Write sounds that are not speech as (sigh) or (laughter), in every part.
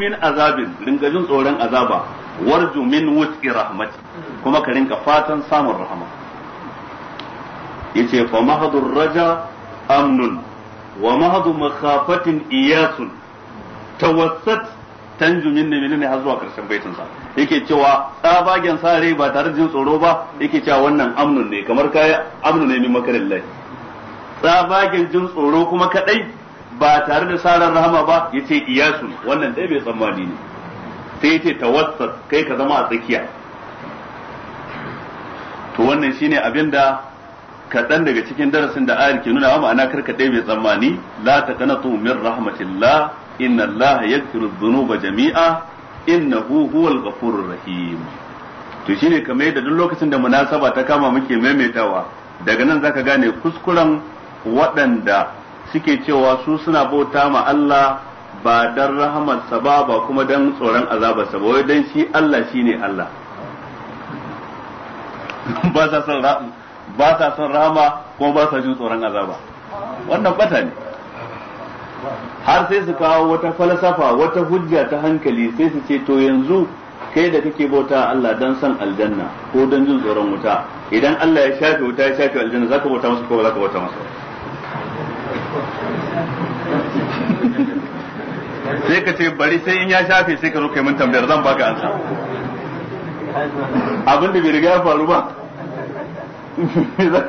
min azabin ringa jin tsoron azaba warju min wuti rahmati kuma ka rinka fatan samun rahama yace fa mahadur raja amnun wa mahadu makhafatin iyasun tawassat tanju min ne ne har zuwa karshen baitin sa yake cewa tsabagen sa rai ba tare da jin tsoro ba yake cewa wannan amnun ne kamar kai amnun ne min makarin lai tsabagen jin tsoro kuma kadai ba tare da sarar rahama ba yace iyasu wannan dai bai tsammani ne sai yace tawassat kai ka zama a tsakiya to wannan shine abinda kaɗan daga cikin darasin da ayar ke nuna wa ma'ana karka ɗaya bai tsammani la taqnatu min rahmatillah inna Allah yaghfiru dhunuba jami'a innahu huwal ghafurur rahim to shine kamar yadda duk lokacin da munasaba ta kama muke maimaitawa daga nan zaka gane kuskuren waɗanda suke cewa su suna bauta ma Allah ba dan rahamarsa ba ba kuma dan tsoron azabarsa ba wai dan shi Allah shine Allah (laughs) ba sa son ba sa son rahama kuma ba sa jin tsoron azaba wannan bata ne har sai su kawo wata falsafa wata hujja ta hankali sai su ce to yanzu kai da kake bauta Allah dan san aljanna ko dan jin tsoron wuta idan Allah ya shafe wuta ya shafe aljanna zaka bauta masa ko ba zaka bauta masa sai ka ce bari sai in ya shafe sai ka zo kai mun tambayar zan baka ansa abin da bai riga ya faru ba (laughs)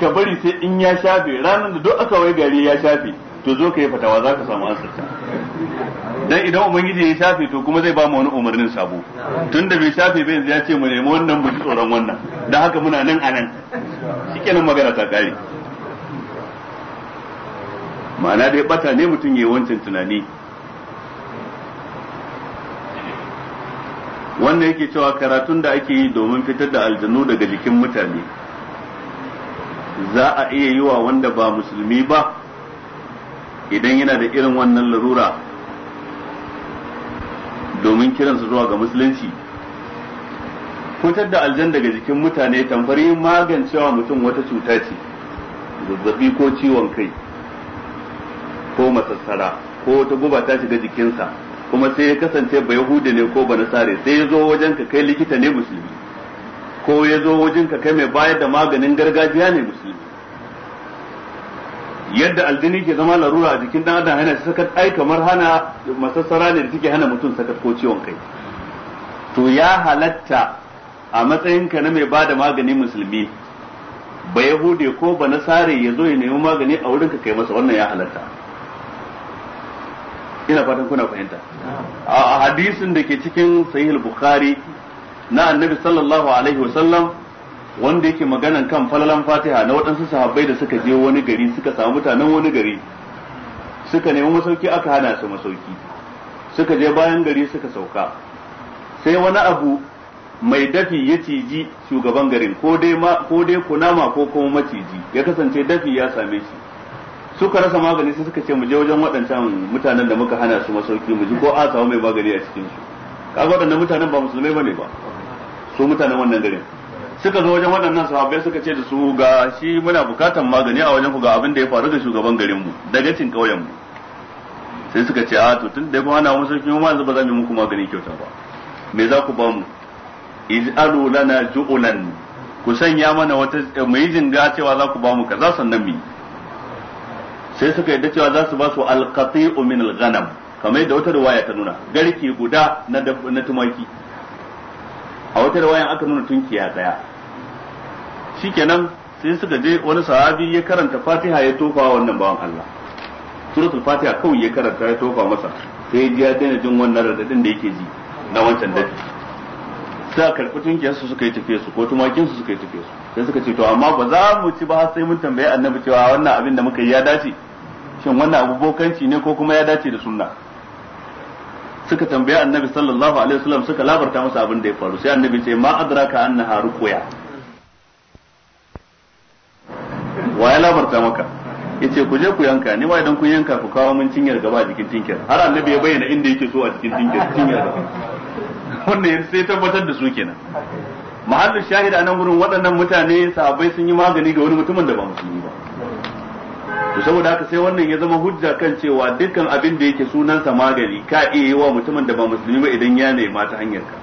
ka bari sai in ya shafe ranar da duk aka wai gari ya shafe to zo ka yi fatawa za ka samu ansar dan idan ubangiji ya shafe to kuma zai ba mu wani umarnin sabo tun da bai shafe bai ya ce mu nemi wannan mu tsoron wannan dan haka muna nan a nan shikenan magana ta kare ma'ana dai bata ne mutum yi wancan tunani wanda yake cewa karatun da ake yi domin fitar da aljanu daga jikin mutane za a iya yi wa wanda ba musulmi ba idan yana da irin wannan larura domin kiransa zuwa ga musulunci fitar da aljan daga jikin mutane tamfari magancewa mutum wata cuta ce zazzabi ko ciwon kai ko masassara ko wata guba ta shiga jikinsa kuma sai ya kasance ba yahudi ne ko ba nasare sai ya zo wajen ka kai likita ne musulmi ko ya zo wajen ka kai mai bayar da maganin gargajiya ne musulmi yadda aljini ke zama larura a jikin dan adam yana sakat ai kamar hana masassara ne da take hana mutum sakat ko ciwon kai to ya halatta a matsayin ka na mai bada magani musulmi ba yahudi ko ba nasare ya zo ya nemi magani a wurin ka kai masa wannan ya halatta ina fatan kuna fahimta a hadisin da ke cikin sahih bukhari na annabi sallallahu alaihi wa sallam wanda yake magana kan falalan fatiha na waɗansu sahabbai da suka je wani gari suka samu mutanen wani gari suka nemi masauki aka hana su masauki suka je bayan gari suka sauka sai wani abu mai dafi ya ciji shugaban garin ko dai kunama ko kuma maciji ya kasance dafi ya same shi suka rasa magani sai suka ce mu je wajen waɗancan mutanen da muka hana su masauki mu ji ko a samu mai magani a cikin su kaga waɗannan mutanen ba musulmai bane ba su mutanen wannan garin suka zo wajen waɗannan sahabbai suka ce da su ga shi muna bukatan magani a wajen ku ga abin da ya faru da shugaban garin mu daga cin ƙauyen mu sai suka ce a to tun da kuma hana mu sarki mu yanzu ba za mu muku magani kyauta ba me za ku ba mu iz'alu lana ju'lan ku sanya mana wata eh, mai yi jinga cewa za ku ba mu kaza sannan mu yi sai suka yadda cewa za su ba su alqati'u min alghanam kamar yadda wata riwaya ta nuna garke guda na na tumaki a wata riwayan aka nuna tunkiya daya shikenan sai suka je wani sahabi ya karanta Fatiha ya tofa wannan bawan Allah suratul Fatiha kawai ya karanta ya tofa masa sai ji ya daina jin wannan radadin da yake ji na wancan dadi sai karɓi tunkiyar su suka yi tafiye su ko tumakin su suka yi tafiye su sai suka ce to amma ba za mu ci ba sai mun tambaye annabi cewa wannan abin da muka yi ya dace shin wannan abu bokanci ne ko kuma ya dace da sunna suka tambaya annabi sallallahu alaihi wasallam suka labarta masa abin da ya faru sai annabi ce ma adraka anna ruqya wa ya labarta maka yace ku je ku yanka ni ma idan kun yanka ku kawo mun cinyar gaba jikin tinkir har annabi ya bayyana inda yake so a cikin tinkir cinyar gaba wannan yanzu sai tabbatar da su kenan mahallin shahida nan gurin waɗannan mutane sahabbai sun yi magani ga wani mutumin da ba musulmi ba to saboda haka sai wannan ya zama hujja kan cewa dukkan abin da yake sunansa magani ka iya yi wa mutumin da ba musulmi ba idan ya nema ta hanyar ka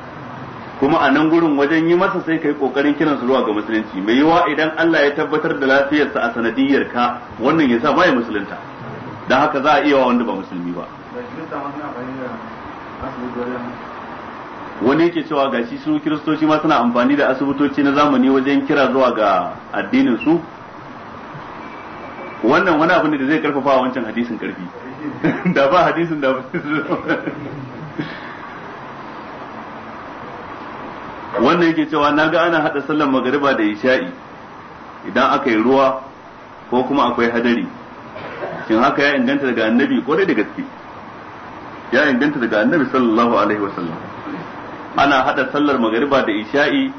kuma a nan gurin wajen yi masa sai kai kokarin kiran su zuwa ga musulunci mai yiwa idan Allah ya tabbatar da lafiyarsa a sanadiyar ka wannan ya sa ba ya musulunta dan haka za a iya wa wanda ba musulmi ba wani yake cewa gashi su kiristoci ma suna amfani da asibitoci na zamani wajen kira zuwa ga addinin su wannan wani abu ne da zai karfafa wancan hadisin karfi (laughs) da ba hadisin da wannan yake cewa na ga ana hada sallar magariba da isha'i idan aka yi ruwa ko kuma akwai hadari shin haka ya inganta daga annabi ko dai da gaske ya inganta daga annabi sallallahu alaihi wasallam ana hada sallar magariba da isha'i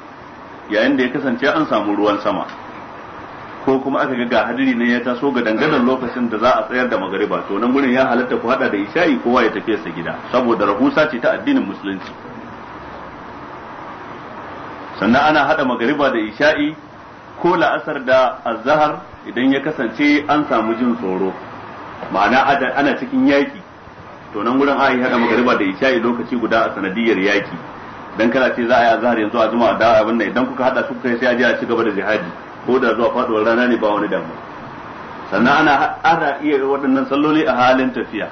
yayin da ya kasance an samu ruwan sama ko kuma aka ga ga hadiri ne ya taso ga dangadan lokacin da za a tsayar da magariba to nan gurin ya halatta ku hada da isha'i kowa ya tafi sa gida saboda rahusa ce ta addinin musulunci sannan ana hada magariba da isha'i ko la'asar da azhar idan ya kasance an samu jin tsoro ma'ana ana cikin yaki to nan gurin a yi hada magariba da isha'i lokaci guda a sanadiyar yaki dan kana ce za a yi azhar yanzu a juma'a da abin nan idan kuka hada su kai sai a je a ci gaba da jihadi ko da zuwa faduwar rana ne ba wani damu sannan ana ana iya waɗannan salloli a halin tafiya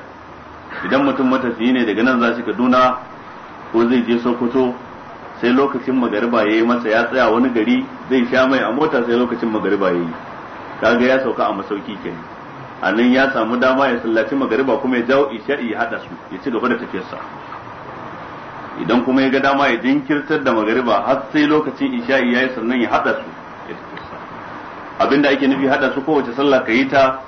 idan mutum matafiyi ne daga nan za shi Kaduna ko zai je Sokoto sai lokacin magariba yayi masa ya tsaya wani gari zai sha mai a mota sai lokacin magariba yayi kaga ya sauka a masauki kenan a nan ya samu dama ya sallaci magariba kuma ya jawo isha'i ya hada su ya ci gaba da tafiyarsa idan kuma ya ga dama ya jinkirtar da magariba har sai lokacin isha'i yayi sannan ya hada su abinda ake nufi hada su kowace sallah ka yi ta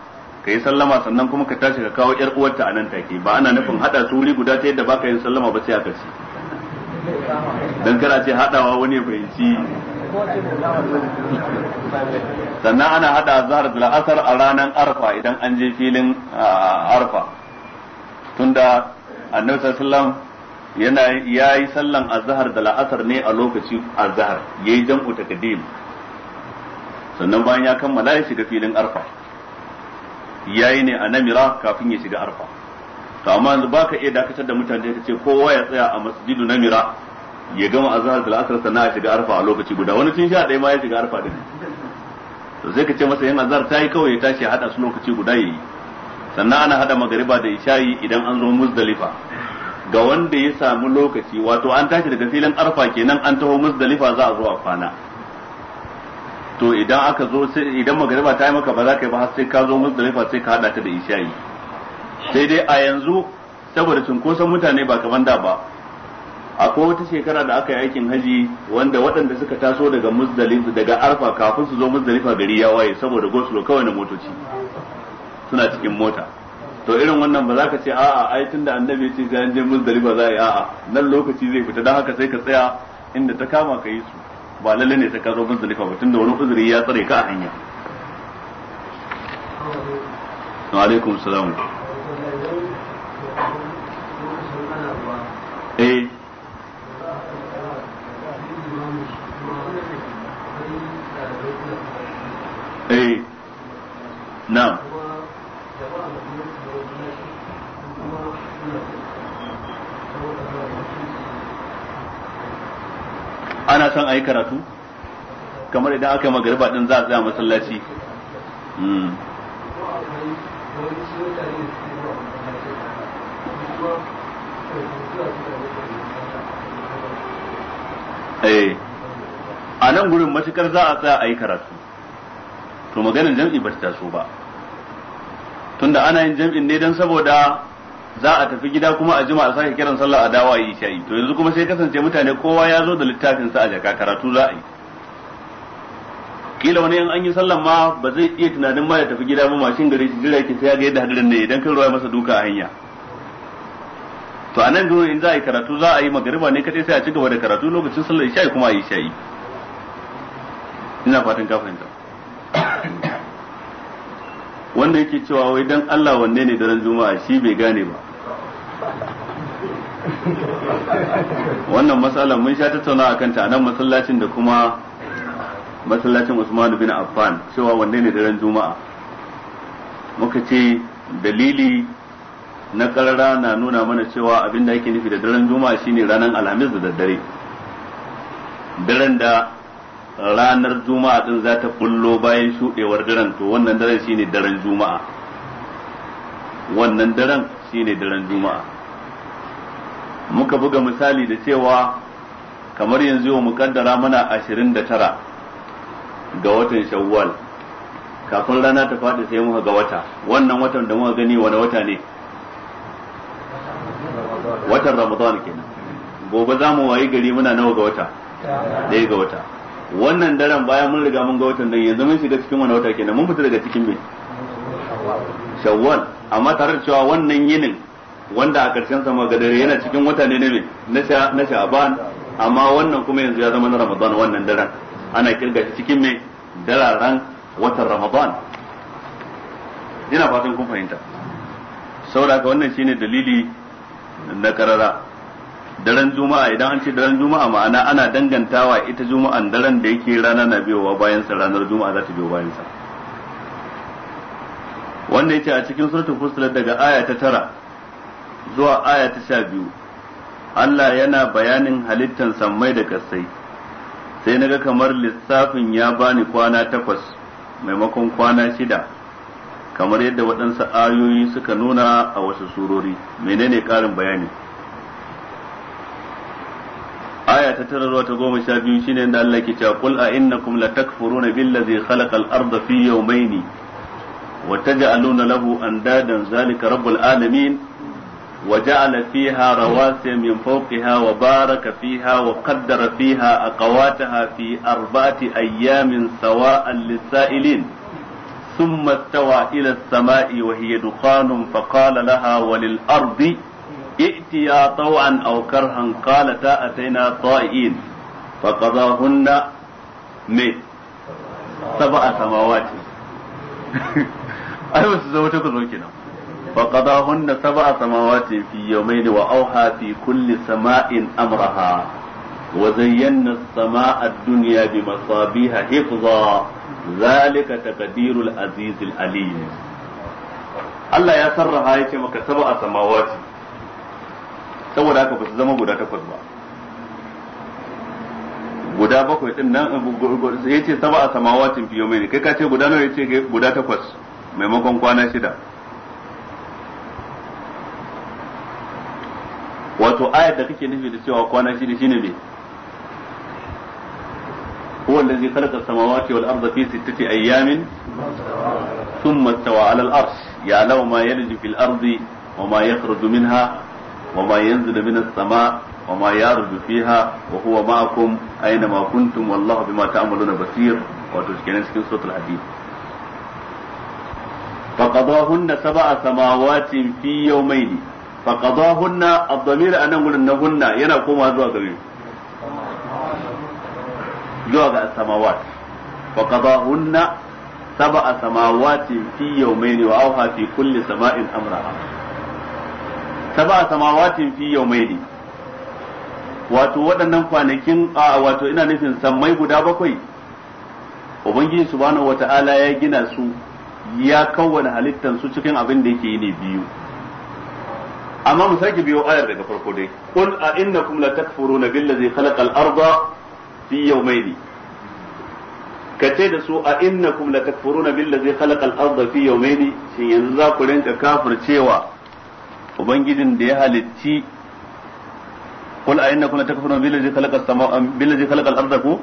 ka yi sallama sannan kuma ka tashi ka kawo yar uwarta a nan take ba ana nufin hada su wuri guda ta yadda baka yin sallama ba sai a karshe dan kana ce hadawa wani ya fahimci sannan ana hada zahar da la'asar a ranar arfa idan an je filin arfa tunda annabi sallallahu yana ya sallan azhar da la'asar ne a lokaci azhar yayi jam'u takdim sannan bayan ya kammala ya shiga filin arfa yayi ne a namira kafin ya shiga arfa to amma yanzu ka iya dakatar da mutane ta ce kowa ya tsaya a masjidu namira ya gama a da asar sannan ya shiga arfa a lokaci guda wani tun sha ɗaya ma ya shiga arfa ne to sai ka ce masa yin azhar yi kawai ya tashi hada su lokaci guda yi sannan ana hada magariba da isha'i idan an zo muzdalifa ga wanda ya samu lokaci wato an tashi daga filin arfa kenan an taho muzdalifa za a zo a kwana to idan aka zo idan magariba ta yi maka ba za ka yi ba har sai ka zo muzdalifa sai ka hada ta da isha'i sai dai a yanzu saboda cunkoson mutane ba kamar da ba akwai wata shekara da aka yi aikin haji wanda waɗanda suka taso daga muzdalifa daga arfa kafin su zo muzdalifa gari ya waye saboda gosulo kawai na motoci suna cikin mota to irin wannan ba za ka ce a'a ai da annabi ya ce sai an je muzdalifa za a yi a'a nan lokaci zai fita don haka sai ka tsaya inda ta kama ka yi su ba lalle ne sai ka zo muzdalifa ba tunda wani uzuri ya tsare ka a hanya alaikum salam a yi karatu kamar idan aka yi magariba din za a tsaya masallaci hmm. eh. a nan gurin matukar za a tsaya a yi karatu to maganin jam'i ba ta taso ba tunda ana yin jam'in ne don saboda za a tafi gida kuma a jima a sake kiran sallah a dawa yi shayi to yanzu kuma sai kasance mutane kowa ya zo da littafin sa a jaka karatu za a yi kila wani yan an yi sallan ma ba zai iya tunanin ma ya tafi gida ba mashin gare shi jira yake sai ya ga yadda hadirin ne idan kan ruwa masa duka a hanya to a nan gurin in za a yi karatu za a yi magariba ne kadai sai a ci gaba da karatu lokacin sallar isha'i kuma a yi isha'i ina fatan ka fahimta wanda yake cewa wai dan Allah wanne ne daren juma'a shi bai gane ba wannan matsalar mun sha tattauna a kanta a nan masallacin da kuma masallacin Usman bin Affan cewa wanne ne daren juma'a muka ce dalili na karara na nuna mana cewa abin da yake nufi da daren juma'a shine ranar alhamis da daddare daren da ranar juma'a din za ta bullo bayan shuɗewar daren to wannan daren shine daren juma'a wannan daren shine daren juma'a muka buga misali da cewa kamar yanzu yau kaddara mana 29 ga watan shawwal kafin rana ta faɗi sai muka ga wata wannan watan da muka gani wani wata ne watan ramadan kenan gobe za mu wayi gari muna nawa ga wata ɗaya ga wata wannan daren bayan mun riga mun ga watan nan yanzu mun shiga cikin wani wata kenan mun fita daga cikin me shawwal amma tare da cewa wannan yinin wanda a ƙarshen sama ga dare yana cikin wata ne na na sha'ban amma wannan kuma yanzu ya zama na ramadan wannan daren ana kirga shi cikin me dararen watan ramadan ina fatan kun fahimta saboda haka wannan shine dalili na karara daren juma'a idan an ce daren juma'a ma'ana ana dangantawa ita juma'an daren da yake rana na biyowa bayan sa ranar juma'a za ta biyo bayan sa wanda yake a cikin suratul fusilat daga aya ta tara zuwa aya ta sha biyu Allah yana bayanin halittan sammai da kasai sai naga kamar lissafin ya bani kwana takwas maimakon kwana shida kamar yadda waɗansu ayoyi suka nuna a wasu surori menene ƙarin bayani آية تترر وتقوم شابين شين عند الله قل أئنكم لتكفرون بالذي خلق الأرض في يومين وتجعلون له أندادا ذلك رب العالمين وجعل فيها رواسي من فوقها وبارك فيها وقدر فيها أقواتها في أربعة أيام سواء للسائلين ثم استوى إلى السماء وهي دخان فقال لها وللأرض ائتيا طوعا أو كرها قالتا أتينا طائعين فقضاهن من سبع سماوات أي بس زوجة كنا فقضاهن سبع سماوات في يومين وأوحى في كل سماء أمرها وزينا السماء الدنيا بمصابيح حفظا ذلك تقدير العزيز العليم الله يا سرها يتمك سبع سماوات saboda haka ba su zama guda takwas ba guda bakwai din nan ya ce saba a samawacin fiye mai kai ka ce guda nawa ya ce guda takwas maimakon kwana shida wato ayar da kake nufi da cewa kwana shida shine me هو الذي خلق السماوات والأرض في ستة أيام ثم استوى على العرش يعلم ما يلج في الأرض وما يخرج منها وما ينزل من السماء وما يرد فيها وهو معكم أينما كنتم والله بما تعملون بصير وتشكلين سكين صوت الحديث فقضاهن سبع سماوات في يومين فقضاهن الضمير أنا أقول أنهن ينقوم هذا الضمير جواب السماوات فقضاهن سبع سماوات في يومين وأوحى في كل سماء أمرها sab'a samawatin fi yawmayni wato waɗannan kwanakin a wato ina nufin sammai guda bakwai ubangiji subhanahu wata'ala ya gina su ya kawwana halittan su cikin abin da yake yi ne biyu amma mu sake biyo ayar daga farko dai qul a innakum la takfuruna billazi khalaqal arda fi yawmayni kace da su a innakum la takfuruna billazi khalaqal arda fi yawmayni shin yanzu za ku rinka kafircewa ubangijin da ya halicci kul a inna kuna takfuruna bilaji khalaqa sama billazi khalaqa al ku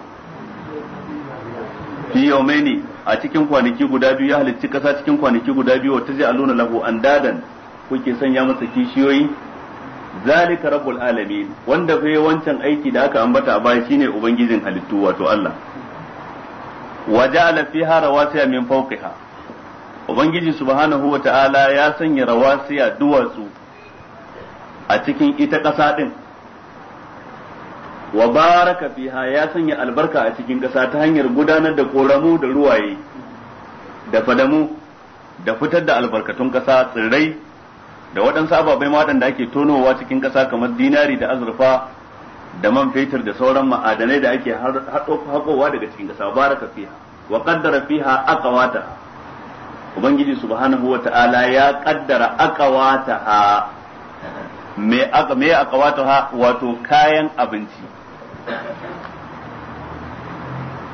fi yawmaini a cikin kwanaki guda biyu ya halicci kasa cikin kwanaki guda biyu wata wa aluna lahu andadan kuke sanya masa kishiyoyi zalika rabbul alamin wanda fa wancan aiki da aka ambata a baya shine ubangijin halittu wato Allah waja'ala fiha rawasiya min fawqiha ubangiji subhanahu wa ta'ala ya sanya rawasiya duwatsu a cikin ita ƙasa ɗin wa baraka fiha ya sanya albarka a cikin ƙasa ta hanyar gudanar da ƙoramu da ruwaye da fadamu da fitar da albarkatun ƙasa tsirrai da waɗansu ababai waɗanda ake tonowa cikin ƙasa kamar dinari da azurfa da man fetur da sauran ma'adanai da ake haƙowa daga cikin ƙasa baraka fiha wa ƙaddara fiha wata. ubangiji subhanahu wa ta'ala ya kaddara aqawataha me aka me aqawataha wato kayan abinci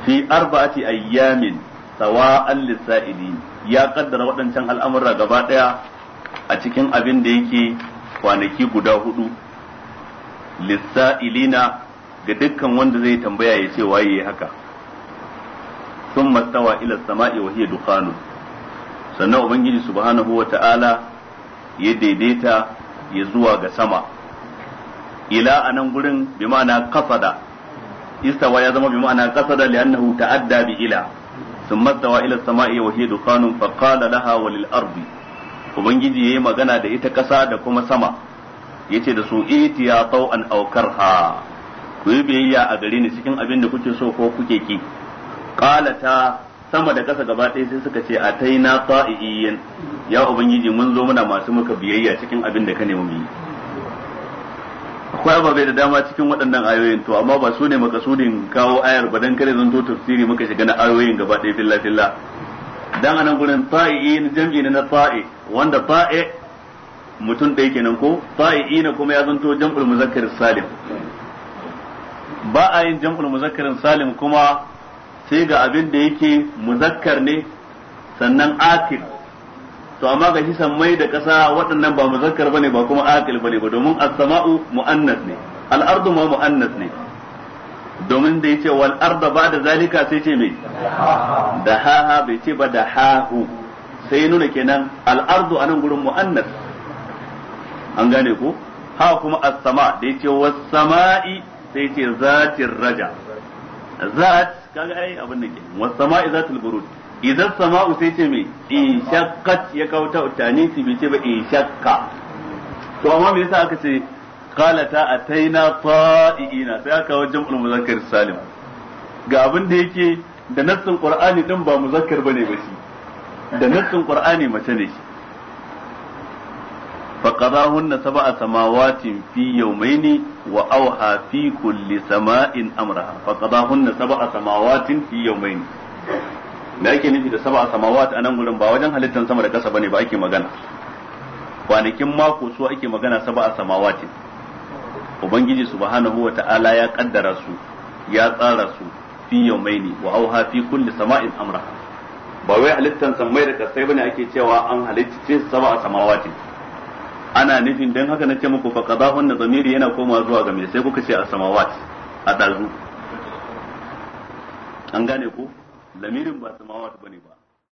fi arba'ati ayyamin sawa'an lisa'ilin ya kaddara waɗancan al'amura gaba daya a cikin abin da yake kwanaki guda hudu lissa'ilina ga dukkan wanda zai tambaya ya ce waye haka sun mastawa ila sama'i wa hiya dukhanun sannan ubangiji subhanahu wa ta'ala ya daidaita ya zuwa ga sama ila a nan gurin bi ma'ana kasada istawa ya zama bi ma'ana kasada annahu ta'adda bi ila wa hiya dukanun fa qala laha wa lil ardi ubangiji yayi magana da ita ƙasa da kuma sama yace da su itiya tau'an aw karha ku yi biyayya a gare ni cikin abin da kuke so ko kuke ki qalata sama da ƙasa gaba ɗaya sai suka ce a na ta'iyin ya ubangiji mun zo muna masu muka biyayya cikin abin da ka nemi mu yi akwai ababe da dama cikin waɗannan ayoyin to amma ba su ne makasudin kawo ayar ba dan kare zan to tafsiri muka shiga na ayoyin gaba ɗaya filla filla dan anan gurin ta'iyin jam'i na fa'i wanda fa'i mutum ɗaya kenan ko na kuma ya zanto jam'ul muzakkar salim ba a yin jam'ul muzakkarin salim kuma sai ga abin da yake muzakkar ne sannan akil to amma ga hisan mai da ƙasa waɗannan ba muzakkar bane ba kuma akil bane ba domin as-sama'u mu'annas ne al-ardu ma mu'annas ne domin da yace wal arda ba da zalika sai ce me da haha bai ce ba da hu sai nuna kenan al ardu anan gurin mu'annas an gane ko ha kuma as-sama da yace was sama'i sai ce zatir raja zat kaga ai abin da ke sama'i zatul burud idan sama'u sai ce me in shaqqat ya kawo ta utani su bi ce ba in shaqqa to amma me yasa aka ce qala ta ataina ta'ina sai aka kawo jam'ul muzakkar salim ga abin da yake da nassin qur'ani din ba muzakkar bane ba shi da nassin qur'ani mace ne shi فقضاهن سبع سماوات في يومين وأوحى في كل سماء أمرها فقضاهن سبع سماوات في يومين da ake nufi da saba samawat a nan gurin ba wajen halittar sama da kasa bane ba ake magana kwanakin mako su ake magana saba samawatin ubangiji subhanahu wa ta'ala ya kaddara su ya tsara su fi yawmaini wa auha fi kulli sama'in amraha ba wai halittar sammai da kasai bane ake cewa an halicce saba samawatin ana nufin dan haka nace muku fa qadahun zamiri yana komawa zuwa ga mai sai kuka ce as-samawat a dazu an gane ko lamirin ba samawat bane ba